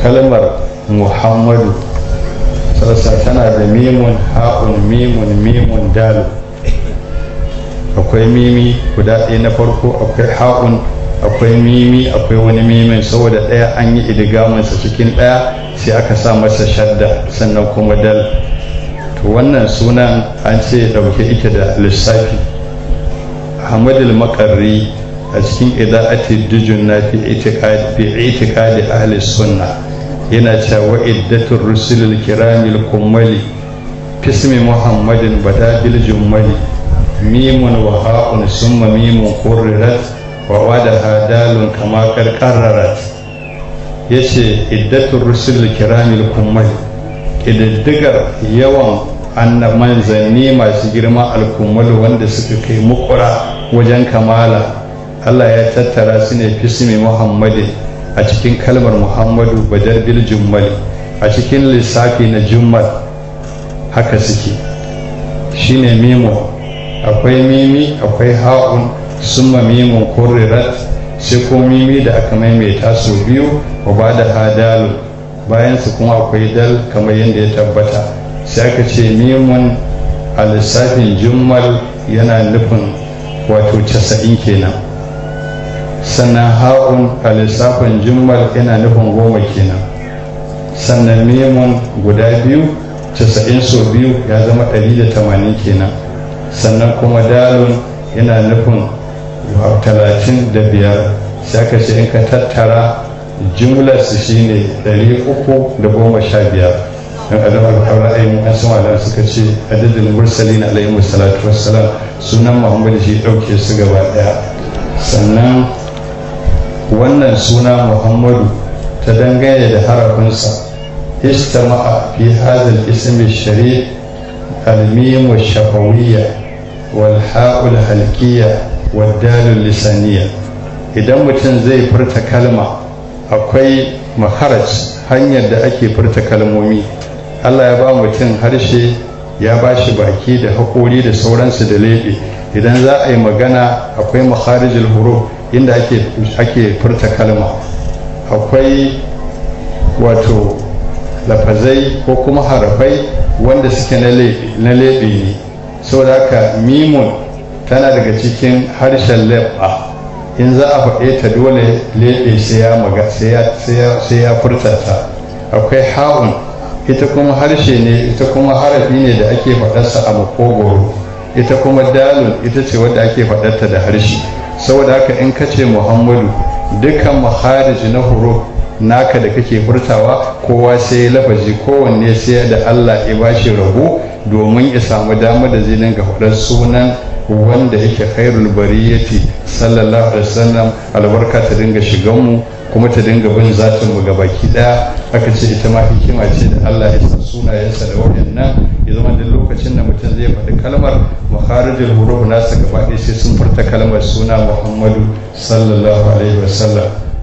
kalmar muhammadu sarsa tana da mimun ha'un mimun mimun dalu akwai mimi guda ɗaya na farko akwai ha'un akwai mimi akwai wani mimin saboda ɗaya an yi idigaminsa cikin ɗaya sai aka sa masa shadda sannan kuma dal to wannan sunan an ce ɗauke ita da lissafi ahmadul makarri a cikin ida'ati dujun na fi itikadi ahli sunna yana cewa iddatul rusulul kiramil kummali fismi muhammadin badadil jummali mimun wa ha'un summa mimun qurrat wa wadaha dalun kama karrarat yace iddatul rusulul kiramil kummali ƙididdigar yawan annaban zanni masu girma alkummali wanda suka kai mukura wajen kamala Allah ya tattara su ne fismi Muhammadu a cikin kalmar Muhammadu badar bil jummal a cikin lissafi na jummal haka suke Shi ne mimo akwai mimi akwai ha'un summa ko rirat. sai ko mimi da aka maimaita su biyu wa ba da hadalu bayan su kuma akwai dal kamar yadda ya tabbata sai aka ce mimun a lissafin jummal yana nufin wato casa'in kenan sannan ha'un a lissafin jimmal yana nufin goma kenan sannan memon guda biyu casa'in so biyu ya zama ɗari da tamanin kenan sannan kuma dalun yana nufin talatin da biyar sai aka ce in ka tattara jimlar su shine ɗari uku da goma sha biyar don adam alƙawar ainihin an sama da suka ce adadin mursalin alaihi salatu wassalam sunan muhammadu shi ɗauke su gaba ɗaya sannan wannan suna muhammadu ta dangane da harafinsa istama'a fi hazal ismi sharif الميم الشفوية والحاء الحلقية والدال اللسانية idan mutum zai furta kalma akwai maharaj hanyar da ake furta kalmomi allah ya ba mutum harshe ya ba shi baki da haƙori da sauransu da leɓe idan za a yi magana akwai maharijin huruf inda ake furta kalma akwai wato lafazai ko kuma harafai wanda suke na leɓe ne saboda haka mimun tana daga cikin harshen leɓa in za a faɗe ta dole leɓe sai ya furta ta akwai ha'un ita kuma harshe ne ita kuma harafi ne da ake faɗarsa a makogoro ita kuma dalun ita ce wadda ake faɗarta da harshe saboda haka in ka ce muhammadu dukkan maharij na huruf naka da kake furtawa kowa sai ya lafazi kowanne sai da allah ya bashi rabo domin ya samu damar da zai dinga faɗar sunan wanda yake khairul bariyati sallallahu alaihi wasallam albarka ta dinga shigan mu kuma ta dinga bin zatin mu gabaki daya aka ce ita ma hikima ce da Allah ya sa sunayensa da waɗannan ya zama da lokacin da mutum zai faɗi kalmar makharijul huruf nasa gaba ɗaya sai sun furta kalmar suna muhammadu sallallahu alaihi wasallam